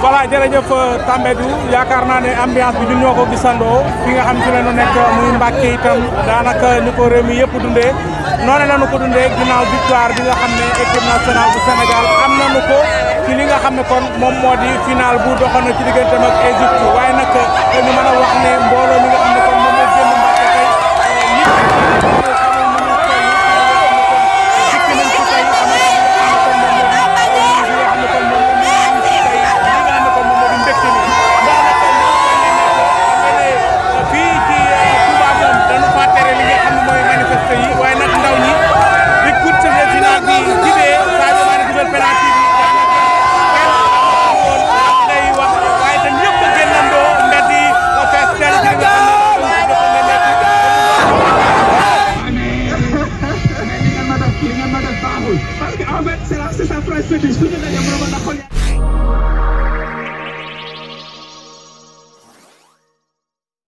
voilà jërëjëf euh, Tambédou yaakaar naa ne ambiance bi ñun ñoo ko gisandoo fi nga xam ci la ñu nekk muy daanaka ni ko réew mi yëpp dundee noonu la ñu ko dundee ginnaaw victoire bi ne équipe nationale bu Sénégal am nañu ko ci nga xam ne kon moom moo di final bu doxoon na ci digganteem ak Égypte waaye nag ñu mën wax ne mbooloo mi nga xam ne Magal baaxul parce que en fait c'est la c'est sa phrase fétiche su ñu dajee mën a mën a xool